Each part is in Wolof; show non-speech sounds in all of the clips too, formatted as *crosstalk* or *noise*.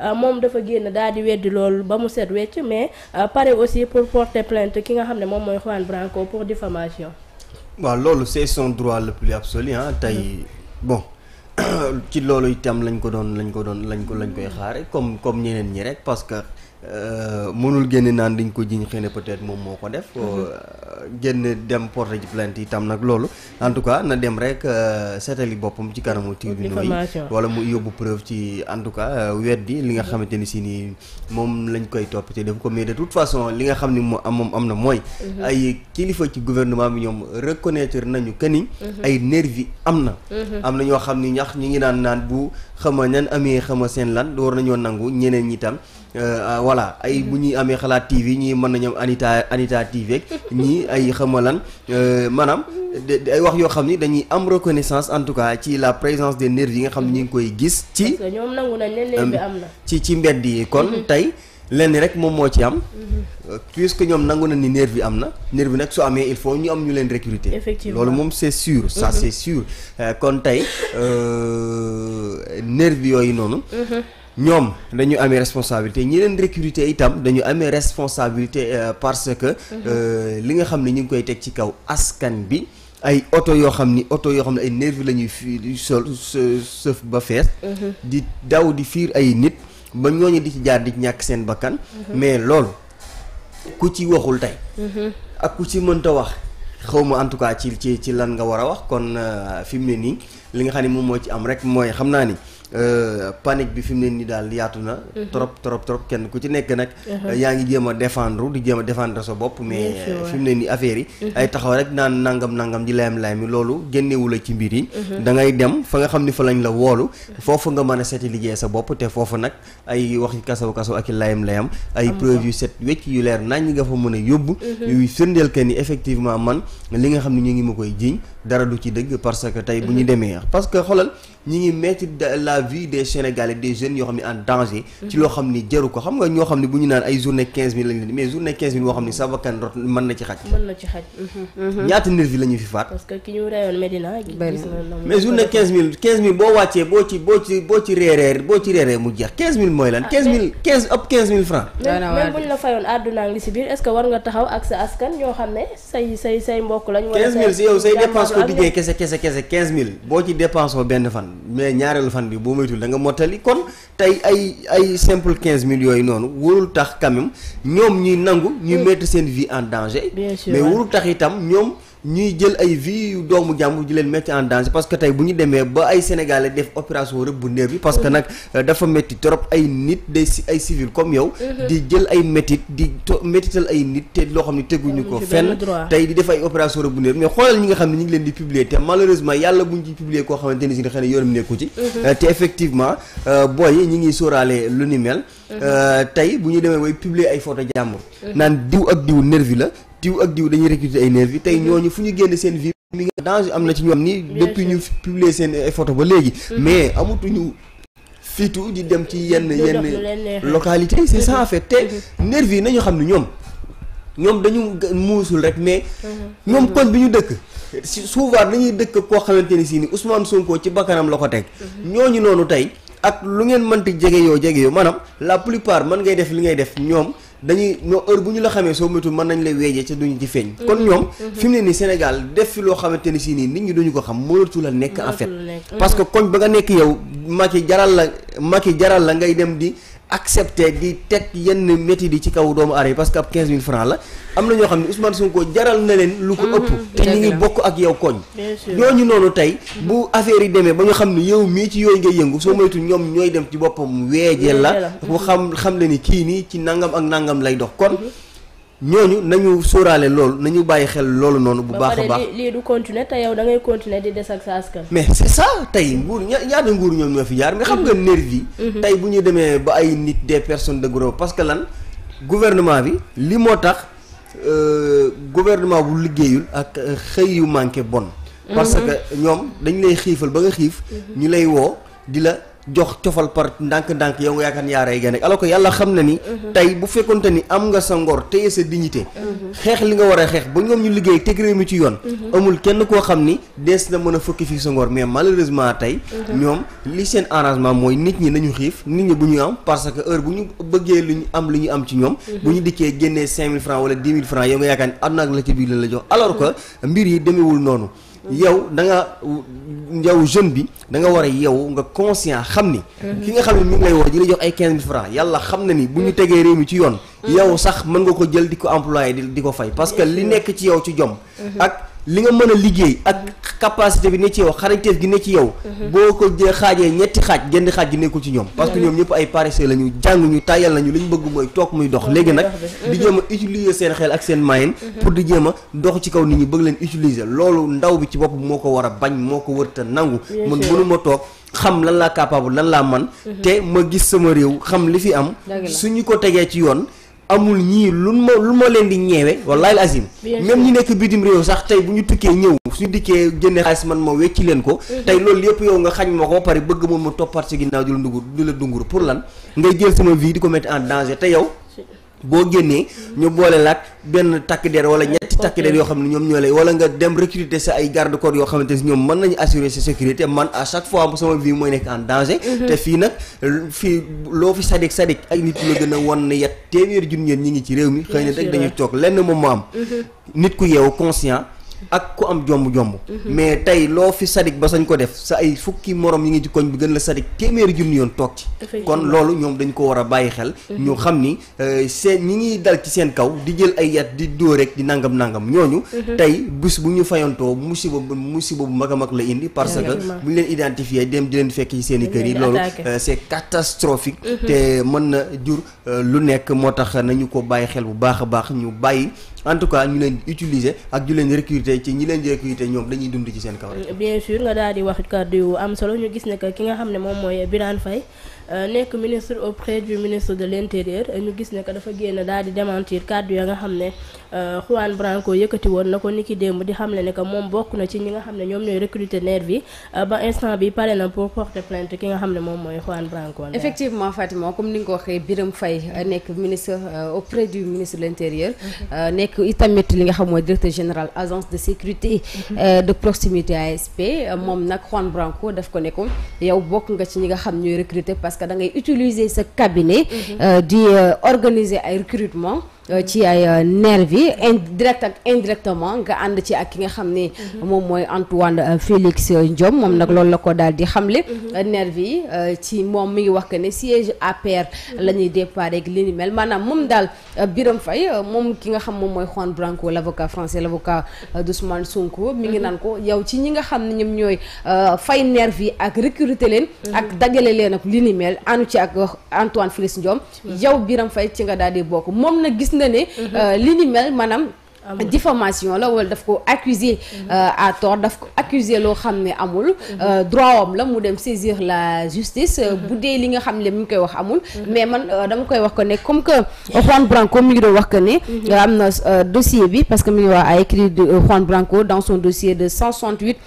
Euh, moom dafa génn daal di weddi lool ba mu set wecc mais euh, pare aussi pour porter plainte ki nga xam ne moom mooy Juan Branco pour diffamation waaw loolu c'est son droit le plus absolu ah tey bon *coughs* ci loolu itam lañ ko doon lañ ko doon lañ ko lañ koy xaare comme comme ñeneen ñi rek parce que Euh, mënul génn naan dañ ko jiñ xëy na peut moom moo ko def. Mhm. Euh, génn dem porté ji plainte itam nag loolu en tout cas na dem rek euh, seetali boppam ci kanamu tribunaux yi wala mu yóbbu preuve ci en tout cas weddi li nga xamante ni si nii moom lañ koy topp te ko mais façon li nga xam ni moo am moom am na mooy. Mhm. ay kilifa ci gouvernement bi ñoom reconnaître nañu que ni. Mhm. ay nervi am na. am na ñoo xam ni ñax ñu ngi daan naan bu xama ñan amee xama seen lan war nañoo nangu ñeneen ñi tam. Euh, ah, voilà ay bu ñuy amee xalaat TV ñii mën nañu am Anita Anita TV ak ñii ay xamalan euh, maanaam ay wax yoo xam ni dañuy am reconnaissance en tout cas ci la présence des nervis yi nga xam ni ñu ngi koy gis. ci ñoom nangu nañ am na. Euh, ci ci mbedd yi kon mhm. tey. lenn rek moom moo ci am. Mhm. puisque ñoom nangu na ni nervi am na. nervi nag su amee il faut ñu am ñu leen recruter. effectivement loolu moom c'est sur ça mhm. c'est sur kon tey nervi yooyu noonu. ñoom dañu amee responsabilité ñi leen recruter itam dañu amee responsabilité euh, parce que mhm. euh, li nga xam ne ñu ngi koy teg ci kaw askan bi ay oto yoo xam ni oto yoo xam ne ay nervi la ñuy fi sol sëf ba fees mhm. di daw di fiir ay nit ba ñooñu di jaar di ñàkk seen bakkan mhm. mais loolu ku ci waxul tey ak ku ci mënta wax xawma en tout cas ci ci ci lan nga war a wax kon euh, fi mu ne nii li nga xam ne moom moo ci am rek mooy xam naa ni Euh, panique bi fi mu ne nii daal yaatu na. Mhm. trop trop trop kenn ku ci nekk nag. Mhm. Euh, yaa ngi jéem a défendre di jéem a défendre sa bopp. mais fi mu ne nii affaire yi. Mhm. ay taxaw rek naan nangam nangam di layam layam yi loolu génnewu la ci mbir yi. da ngay dem fa nga xam ni fa lañ la woolu. foofu nga mën a seeti liggéey sa bopp te foofu nag ay waxi kasaw kasaw ak i layam layam. ay preuve yu set wecc yu leer nañ nga fa mën a yóbbu. yuy firndeel que ni effectivement man li nga xam ni ñu ngi ma koy jiiñ dara du ci dëgg parce que tey bu ñu demee parce que xoolal ñu ngi mettre la vie des Sénégalais des jeunes yoo xam ne en danger ci loo xam ni jaru ko xam nga ñoo xam ne bu ñu naan ay journée quinze mille lañ leen mais journée quinze mille boo mhm. Mhm. fi faat que ki ñu reyoon Medina mais journée quinze mille quinze mille boo wàccee boo ci boo ci boo ci reeree boo ci reeree mu jeex quinze mille mooy lan ah, quinze mille quinze ëpp quinze mille francs même buñ la fayoon àdduna ngi si biir est war nga taxaw ak sa askan ñoo xam ne say say say mbokk lañ wala quinze mille si yow say dépense quotidien kese kese kese boo ci dépense benn fan mais ñaareelu fan bi boo moytul da nga mottali kon tey ay ay simple quinze mille yooyu noonu warul tax quand même ñoom ñuy nangu ñuy mettre seen vie en danger mais warul tax itam ñoom ñuy jël ay vie yu doomu jàmbur di leen metti en danger parce que tey bu ñu demee ba ay sénégalais def opération rëbb bu néew bi parce que mm-hmm. nag euh, dafa métti trop ay nit day si ay civil comme yow mm-hmm. di jël ay métit di métital ay nit te loo xam ne teguñu ko fenn tey di def ay opération rëbb bu néew bi mais xoolal ñi nga xam ne ñu ngi leen di publier te malheureusement yàlla buñ ci publier koo xamante ni si nga xam ne yoonam nekku ci mm-hmm. euh, te effectivement euh, booy ñi ngi sóoraale lu ni mel tey bu ñu demee way publier ay photo jàmbur naan diw ak diw nervi la diw ak diw dañuy recruter ay nervi tey mhm. ñooñu fu ñu génn seen vie mi nga danger am na ci ñu am ni depuis ñu publier seen photo ba léegi mhm. mais amatuñu fitu di dem ci yenn yenn localité ci ça en fait te mhm. nervi yi nañu xam ne ñoom ñoom dañu muusul rek mais ñoom koñ bi ñu dëkk souvent dañuy dëkk koo xamante ni si ni Ousmane Sonko ci bakkanam la ko teg ñooñu noonu tey ak lu ngeen mënti jege yoo jege yoo maanaam la plupart mën ngay def li ngay def ñoom dañuy no heure bu ñu la xamee soo métu mën nañ la weejee ca duñu ci feeñ kon ñoom fi mu ne nii Sénégal def fi loo xamante ni si nii nit ñi duñu ko xam mënatu la nekk en fait parce que koñ ba nga nekk yow Macky jaral la Macky jaral la ngay dem di accepter di teg yenn métti di ci kaw doomu aadama parce que ab 15000 francs la am na ñoo xam ne Ousmane ko jaral na leen lu ko mm-hmm. ëpp te ñu ngi bokk ak yow koñ ñooñu noonu tey bu affaire yi demee ba nga xam ne yow mii ci yooyu ngay yëngu soo moytu ñoom ñooy dem ci boppam weejee la bu xam xam le ni kii nii ci nangam ak nangam lay dox kon mm-hmm. ñooñu nañu sóoraale loolu nañu bàyyi xel loolu noonu. bu baax a baax lii du continuer te yow da ngay continuer di des ak sa askan. mais c' est ça tey nguur ña ñaata nguur ñoom ñoo fi jaar mais xam nga mhm. nervi yi. Mhm. tey bu ñu demee ba ay nit des personne de gros parce que lan gouvernement bi lii moo tax euh, gouvernement bu liggéeyul ak euh, xëy yu manqué bon. Mhm. parce que ñoom dañ lay xiifal ba nga xiif. ñu lay woo di la. jox cofal part ndànk-ndànk yow nga yaakaar ni yaa rey gaynde alors yàlla xam na ni. Mhm. tey bu fekkonte ni am nga sa ngor téye sa dignité. Mhm. xeex li nga war a xeex ba ñoom ñu liggéey teg réew mi ci yoon. Mhm. amul kenn koo xam ni des na mën a fukki fii sa ngor mais malheureusement tey. ñoom li seen arrangement mooy nit ñi nañu xiif nit ñi bu ñu am parce que heure bu ñu bëggee lu ñu am lu ñu am ci ñoom. bu ñu dikkee génnee 5000 francs wala 10 000 francs yow nga yaakaar ni biir la la jox alors mbir yi demewul noonu. yow da nga yow jeune bi da nga war a yow nga conscient xam ni. Mhm. ki nga xam ne mi ngi lay woo la jox ay 15000 francs yàlla xam na ni bu ñu tegee réew mi ci yoon. Mhm. yow sax mën nga ko jël di ko employé di ko fay parce que li nekk ci yow ci jom mhm. ak. li nga mën a liggéey ak capacité bi ne ci yow xarañteef gi ne ci yow mhm. boo ko jë xaajee ñetti xaaj genn xaaj gi nekkul ci ñoom parce que mhm. ñoom ñëpp ay paresseux la ñu jàng ñu tàyyal nañu li ñu bëgg mooy toog muy dox léegi nag mhm. di jéem a utiliser seen xel ak seen moyen pour di jéem a dox ci kaw nit ñi bëgg leen utiliser loolu ndaw bi ci bopp moo ko war a bañ moo ko wërta nangu man mënu ma toog xam lan laa capable lan laa man te ma gis sama réew xam li fi am suñu ko tegee ci yoon amul ñii lu ma lu ma leen di ñeewe wallahi al azim même ñi nekk bitim réew sax tey bu ñu tukkee ñëw su dikkee génne xaalis man ma wecci leen ko mhm. tey loolu yëpp yow nga xañ ma ko pare bëgg moom ma toppaat si ginnaaw di la dungur di la dungur pour lan ngay jël sama vie di ko mettre en danger te yow boo génnee ñu boole laat benn takk der wala ñetti takk der yoo xam ne ñoom ñoo lay wala nga dem recruter sa ay garde corps yoo xamante ne ñoom mën nañu assurer sa sécurité man à chaque fois sama vie mooy nekk en danger. Mhm. te fii nag fii loo fi sadik sadik ak nit la gën a won ne yat téeméer junni ñi ngi ci réew mi. xëy na rek dañuy toog lenn moom moo mhm. nit ku yeewu conscient. ak ku am jomb-jomb mhm. mais tey loo fi sadik ba sañ ko def sa ay fukki moroom yi ngi ci koñ bi gën la sadik téeméeri junni yoon toog ci kon loolu ñoom dañ ko war a bàyyi xel mhm. ñu xam ni euh, seen ñi ngi dal ci seen kaw di jël ay yat di dóor rek di nangam nangam ñooñu mhm. tey bus bu ñu fayantoo musiba bu musiba bu mag a mag la indi parce que bu ñu leen identifié dem di leen fekk ci seen kër yi loolu euh, c'est catastrophique te mën na jur euh, lu nekk moo tax nañu ko bàyyi xel bu baax a baax ñu bàyyi en tout cas ñu leen utiliser ak ñu leen recruter ci ñi leen di recruter ñoom dañuy dund ci seen kaw. bien sûr nga daal di wax kàddu yu am solo ñu gis ne que ki nga xam ne moom mooy bi Birane fay Euh, nekk ministre auprès du ministre de l'intérieur euh, ñu gis ne que dafa génn daal di démentir kàddu ya nga xam ne euh, Juan Branco yëkkati woon na ko niki démb di xam ne que moom bokk na ci ñi nga xam ne ñoom ñooy recruter nervi bi ba instant bi ki nga xam ne moom mooy Juan Branco. effectivement Fatima comme ni nga ko waxee Birame Faye nekk ministre auprès du ministre de l'intérieur mhm. nekk itamit li nga xam mooy directeur général agence de sécurité mhm. de proximité ASP moom nag Juan Branco daf ko nekkoon yow bokk nga ci ñi nga xam ñooy recruter parce que da ngay utiliser sa cabinet. Mm-hmm. Euh, di euh, organiser ay recrutement Euh, ci ay euh, nervi indirect ak indirectement nga ànd ci ak ki nga xam ne mhm. moom mooy Antoine euh, Félix Diome moom nag mhm. loolu la ko daal di xamle mhm. nervi yi ci moom mi ngi wax que ne siège APR la ñuy départ ak li ni maanaam moom daal biram fay moom ki nga xam moom mooy Juan Branco l'avocat français l'avocat d'Ousmane Sonko mi ngi naan ko yow ci ñi nga xam ne ñoom ñooy fay nervi yi ak recruter leen ak dajale leen ak li ni ci ak Antoine Félix Diome yow Birame Faye ci nga nga ne. Mhm. Euh, li ni diffamation la wala daf ko accuser mhm. euh, à tort daf ko accuser loo xam ne amul mhm. euh, droit am la mu dem saisir la justice mhm. bu dee li nga xam ne mu ngi koy wax amul mais man euh, dama koy wax ko ne comme que Juan Branco mi ngi doon wax que ne am na dossier bi parce que mu ngi wax a écrit Juan Branco dans son dossier de 168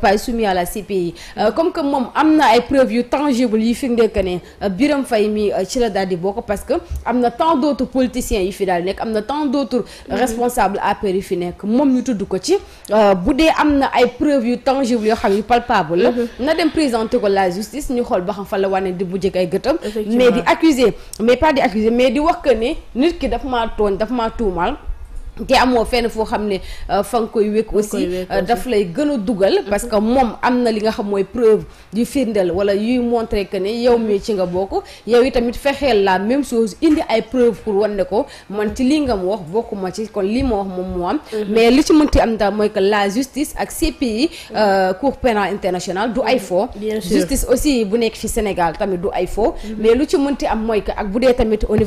pages soumis à la CPI comme que moom am na ay preuves yu tangibles yu firndeel que ne Birame Faye mi ci la daal di bokk parce que am na tant d'autres politiciens yu fi daal di nekk am na tant d'autres APR yi fi nekk moom ñu tudd ko ci euh, bu dee am na ay preuves yu tangible yoo xam yu palpable la mhm. na dem présenter ko la justice ñu xool ba xam fa la wane di bu jëkk ay gëtam mais di accuser mais pas di accuser mais di wax que ne nit ki dafa ma tooñ daf maa tuumal te amoo fenn foo xam ne euh, fa nga koy wékk aussi euh, daf lay gën a dugal mm-hmm. parce que moom am na li nga xam mooy preuve yu firndeel wala yuy montre que ne yow mii ci nga bokk yow yi tamit fexeel laa même chose indi ay preuve pour wan ne ko man ci lii nga ma wax bokkuma ci kon lii ma wax moom moo am mm-hmm. mais li ci mënti am daal mooy que la justice ak CPI euh, cour pénale international du ay mm-hmm. faux justice aussi bu nekk fi Sénégal tamit du ay faux mais lu ci mënti am mooy que ak bu dee tamit au li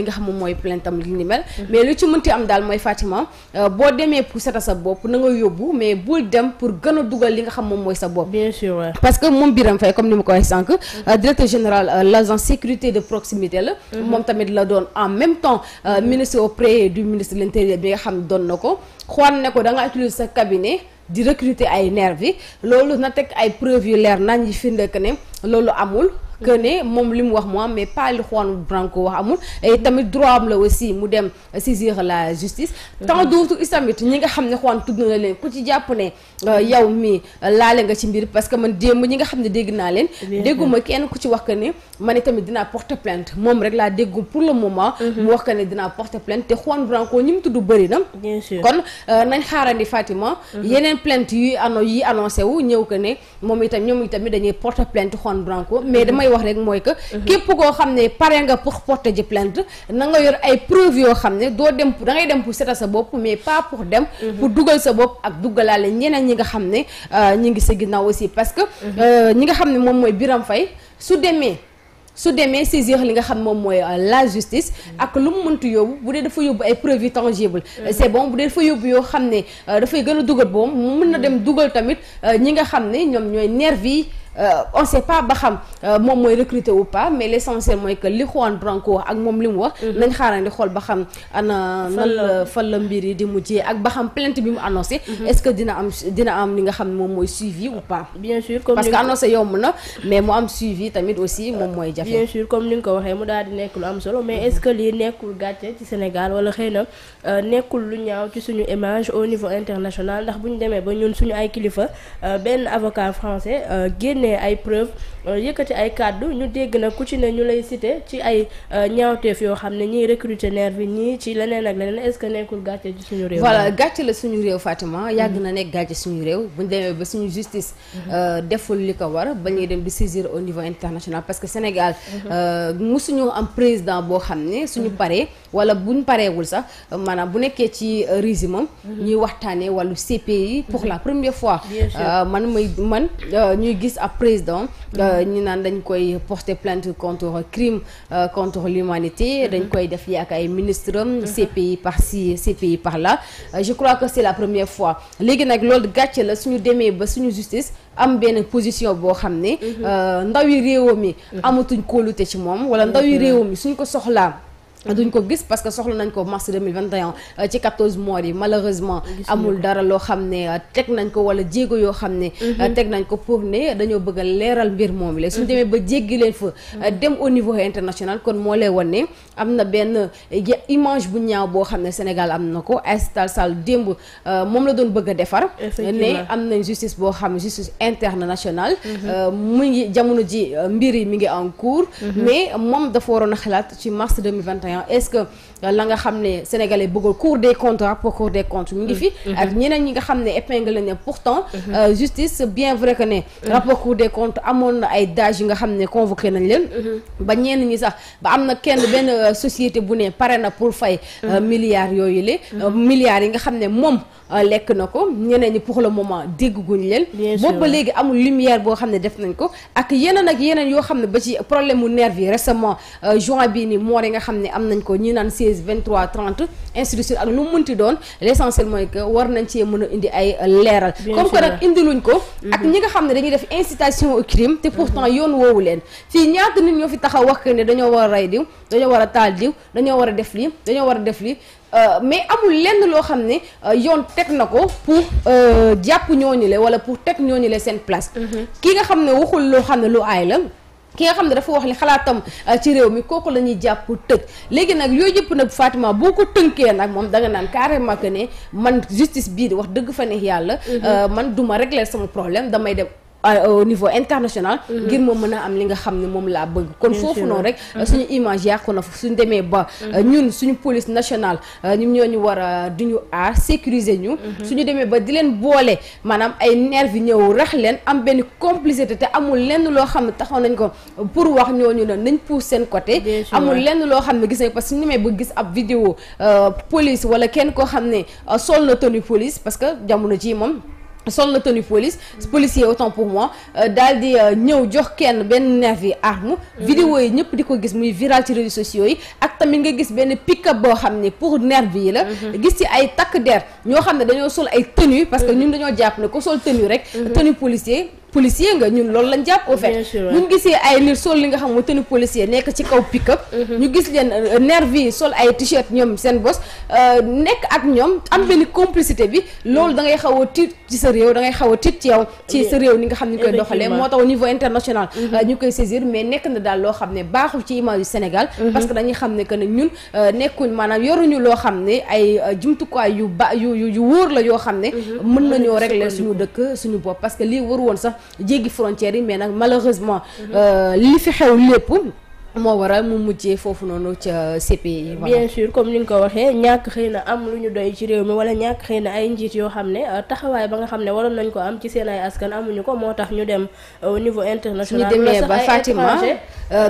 nga xam moom mooy plainte am am li ni mel mais lu ci mënti am daal mooy Fatima euh, boo demee pour seta sa bopp na yóbbu mais bul dem pour gën a dugal li nga xam moom mooy sa bopp bien sûr parce que moom Birame Faye comme ni ma ko waxee mm-hmm. euh, directeur général euh, l'agence de proximité la mm-hmm. moom tamit la doon en même temps euh, mm-hmm. ministre auprès du ministre de l'intérieur bi nga xam doon na ko xool ne ko da nga sa cabinet di recruter ay nervi loolu na teg ay preuve yu leer nañ yi firnde que ne loolu amul que ne moom li mu wax moo am mais pas li Juan Branco wax amul tamit droit am la aussi mu dem si saisir la justice tant d'autres itamit ñi nga xam ne Juan tudd na leen ku ci jàpp ne euh, yow mi euh, laale nga ci mbir parce que man démb ñi nga xam ne dégg naa leen dégguma kenn ku ci wax ma ne man itamit dinaa porter moom rek laa déggu pour le moment mhm. mu wax que ne dinaa porter plainte te Juan Branco ñi mu tudd bëri na bien sûr kon euh, nañ xaarandi Fatima mhm. yeneen plainte wu ñëw que ne moom itam ñoom itamit dañuy porter Juan Branco mais damay wax rek mooy que mhm. képp koo xam ne pare nga pour porter ji plainte na nga yor ay preuve yoo xam ne doo dem da ngay dem pour setal sa bopp mais pas pour dem mhm. pour dugal sa bopp ak dugalaale ñeneen ñi nga xam ne euh, ñu ngi si ginnaaw aussi parce que mhm. euh, ñi nga xam ne moom mooy Biram Faye su demee su demee si saisir li nga xam moom mooy euh, la justice ak lu mu mënti yóbbu bu dee dafa yóbbu ay preuves yu tangible c' est bon bu dee dafa yóbbu yoo xam ne dafay gën a dugal boom mën Euh, on sait pas ba xam euh, moom mooy recruter ou pas mais l' essentiel mooy que li Juan Branco moom li mu wax. Mhm. nañ xaarandi xool ba xam ana. fan la mbir yi di mujjee ak ba xam bi mu annoncé. Mhm. est ce que dina am dina am li nga xam moom mooy suivi ou pas. bien sûr comme parce que annoncé yomb na mais mu am suivi tamit aussi euh, moom mooy jafe. bien comme ni nga ko waxee mu daal di nekk lu am solo mais est ce que lii nekkul gàcce ci Sénégal wala xëy na nekkul lu ñaaw ci suñu image au niveau international ndax bu ñu demee ba ñun suñu ay kilifa benn avocat français génne. ay preuves Euh, yëkkati ay kàddu ñu dégg na ku ci ne ñu lay cité ci ay euh, ñaawteef yoo xam ne ñiy recruter nervi ñii ci leneen ak leneen est-ce que nekkul gàcce ci suñu réew. voilà gàcce la suñu réew Fatima yàgg na nekk gàcce suñu réew buñ demee ba suñu justice. Mhm. Euh, deful li ko war ba ñuy dem di saisir au niveau international parce que Sénégal. Mhm. musuñu am président boo xam ne suñu mhm. paree wala buñ parewul sax maanaam bu nekkee ci régime ñuy waxtaanee wàllu CPI pour la première fois. man may man ñuy gis ab président. ñu naan dañ koy porter plainte contre crime euh, contre l'humanité mhm. dañ koy def yaak ay ministre am mhm. CPI par ci CPI par la euh, je crois que c'est la première fois léegi nag loolu gàcce la suñu demee ba suñu justice am benn position boo xam ne mhm. euh, ndaw yi réew mi amatuñ kóolute ci moom wala ndaw yi réew mi suñ ko soxlaa duñ ko gis parce que soxla nañ ko mars 2021 euh, ci 14 mois yi malheureusement amul dara loo xam ne euh, teg nañ ko wala jéego yoo xam ne euh, mhm. teg nañ ko pour ne dañoo bëgg leeral mbir moom la suñ mhm. demee ba jéggi leen fa mhm. dem au niveau international kon moo lay ne am na benn image bu ñaaw boo xam ne Sénégal am na ko Aïssata Tall Sall démb moom la doon bëgg a defar ne am nañ justice boo xam ne justice internationale mu ngi jamono ji mbir yi mu ngi en cours mais moom dafa waroon a xalaat ci mars 2021 2021 est-ce que la nga xam ne sénégale bëggoon cour des comptes rapport cour des comptes mu ngi fi mm-hmm. ñeneen ñi nga xam ne épingle lañ ne pourtant mm-hmm. euh, justice bien vrai que ne mm-hmm. rapport cour des comptes amoon na ay dage yi nga xam ne convoqué nañ leen ba ñenn ñi sax ba am na kenn benn euh, société bu ne pare na pour fay euh, milliards yooyu le milliards yi nga xam ne moom lekk na ko ñeneen ñi pour le moment guñ leen boobu ba léegi amul lumière boo xam ne def nañ ko ak yeneen ak yeneen yoo xam ne ba ci problème mu nerve yi récemment juin bii ni moor yi nga xam ne am nañ ko ñi 16 23 30 ainsi de suite ak nu mu mënti doon l' essentiel mooy que war nañ cee mën a indi ay euh, leeral comme que nag indiluñ ko ak mhm. ñi nga xam ne dañuy def incitation au crime te pourtant mhm. yoon woowu leen fii ñaata nit ñoo fi taxaw wax que ne dañoo war a rey diw dañoo war a taal diw dañoo war a def lii dañoo war a def lii euh, mais amul lenn loo xam ne euh, yoon teg na ko pour jàpp ñooñu le wala pour teg ñooñu le seen place mhm. ki nga xam ne waxul loo xam ne lu aay la ki nga xam ne dafa wax li xalaatam euh, ci réew mi kooku la ñuy jàpp tëj léegi nag yooyu yëpp nag Fatima boo ko tënkee nag moom danga naan carrément que ne man justice bii di wax dëgg fa neex yàlla mm-hmm. euh, man duma régler sama problème damay dem Euh, au niveau international mhm. ngir moom mën a am li nga xam ne moom laa bëgg kon foofu noonu rek mhm. suñu image yàqu na suñu demee ba mhm. euh, ñun suñu police nationale euh, ñun ñoo ñu war a ñu aar sécuriser ñu suñu demee ba di leen boole maanaam ay nervi ñëw rax leen am benn complicité te amul lenn loo xam ne taxaw nañ ko pour wax ñooñu ne nañ pousse seen côté amul lenn loo xam ne gis nañ parce que suñu demee ba gis ab vidéo police wala kenn koo xam ne sol na tenue police parce que jamono ji moom sol na tenue police policier autant pour moi euh, daal di euh, ñëw jox kenn benn nervi arme mm. vidéo yi ñëpp di ko gis muy viral ci réseaux sociaux yi ak tamit nga gis benn pick-up boo xam ne pour nervi yi la mm-hmm. gis ci ay takk der ñoo xam ne dañoo sol ay tenue parce que mm. ñun dañoo jàpp ne ko sol tenue rek mm-hmm. tenue policier policier nga ñun loolu la jàpp au fait buñ gisee ay nit sol li nga xam mooy tenue policier nekk ci kaw pick-up mhm. ñu gis leen euh, nervi sol ay t-shirt ñoom seen bos euh, nekk ak ñoom am benn complicité bi loolu da xaw a tiit ci sa réew da ngay xaw a tiit ci yow ci réew ni nga xam ni ñu koy doxalee moo tax au niveau international mhm. euh, ñu koy saisir mais nekk na daal loo xam ne baaxul ci image yu Sénégal mhm. parce que xam ne que ne ñun nekkuñ maanaam yoruñu loo xam ne ay jumtukaay yu ba yu yu wóor la yoo xam ne mën nañoo régler suñu dëkk suñu bopp parce que lii war woon sax jéggi frontières yi mais nag malheureusement euh, li fi xew lépp moo war a mu mujjee foofu noonu ca CPI. bien sûr comme ni nga ko waxee ñàkk xëy na am lu ñu doy ci réew mi wala ñàkk xëy na ay njiit yoo xam ne euh, taxawaay ba nga xam ne waroon nañ ko am ci seen ay askan amuñu ko moo tax ñu dem euh, au niveau international. suñu demee ba Fatima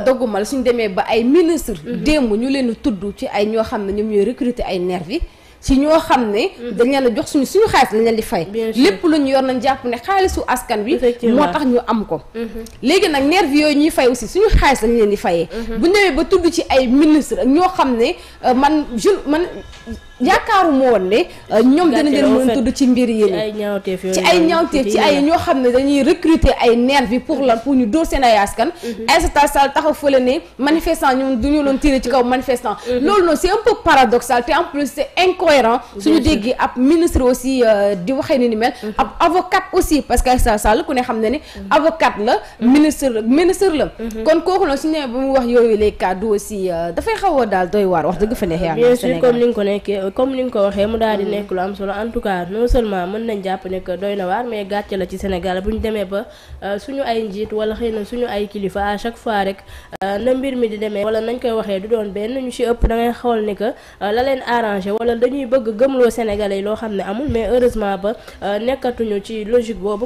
doggumal suñu demee ba ay ministre mhm. démb ñu leen tudd ci ay ñoo xam ne ñoom ñooy recruter ay nervi ci ñoo xam ne mhm. dañ leen a jox suñu suñu xaalis dañ leen di fay lépp lu ñu yor nañ jàpp ne xaalisu askan wi moo tax ñu am ko mhm. léegi nag nervi yooyu ñuy fay aussi suñu xaalis dañ leen di fayee mhm. bu ñëwee ba tudd ci ay ministre ñoo xam ne euh, man je man yaakaaru ma woon ne euh, ñoom dana leen mën tudd ci mbir yi ci ay ñaawteef ci ay ñoo xam ne dañuy recruter ay nervi pour lan pour ñu dóor seen ay askan mhm. Aïssata Sall taxaw fële ne manifestant ñoom du ñu loon ci kaw manifestant mhm. loolu noonu c'est un paradoxal te en plus c'est incohérent suñu déggee ab ministre aussi euh, di waxee ni ni mel mhm. ab avocat aussi parce que Aïssata Sall ku ne xam ne ne avocat la ministre ministre la kon kooku noonu suñu nee wax yooyu les kàddu aussi euh, xaw a daal doy waar wax dëgg fa comme ni nga ko waxee mu daal di mm. nekk lu am solo en tout cas non seulement mën nañ jàpp ne que doy na waar mais gàcce la ci Sénégal bu ñu demee ba euh, suñu ay njiit wala xëy na suñu ay kilifa à chaque fois rek euh, na mbir mi di demee wala nañ koy waxee du doon benn ñu ci ëpp da ngay xool ne que euh, la leen wala dañuy bëgg gëmloo Sénégalais yi loo xam ne amul mais heureusement ba nekkatuñu ci logique boobu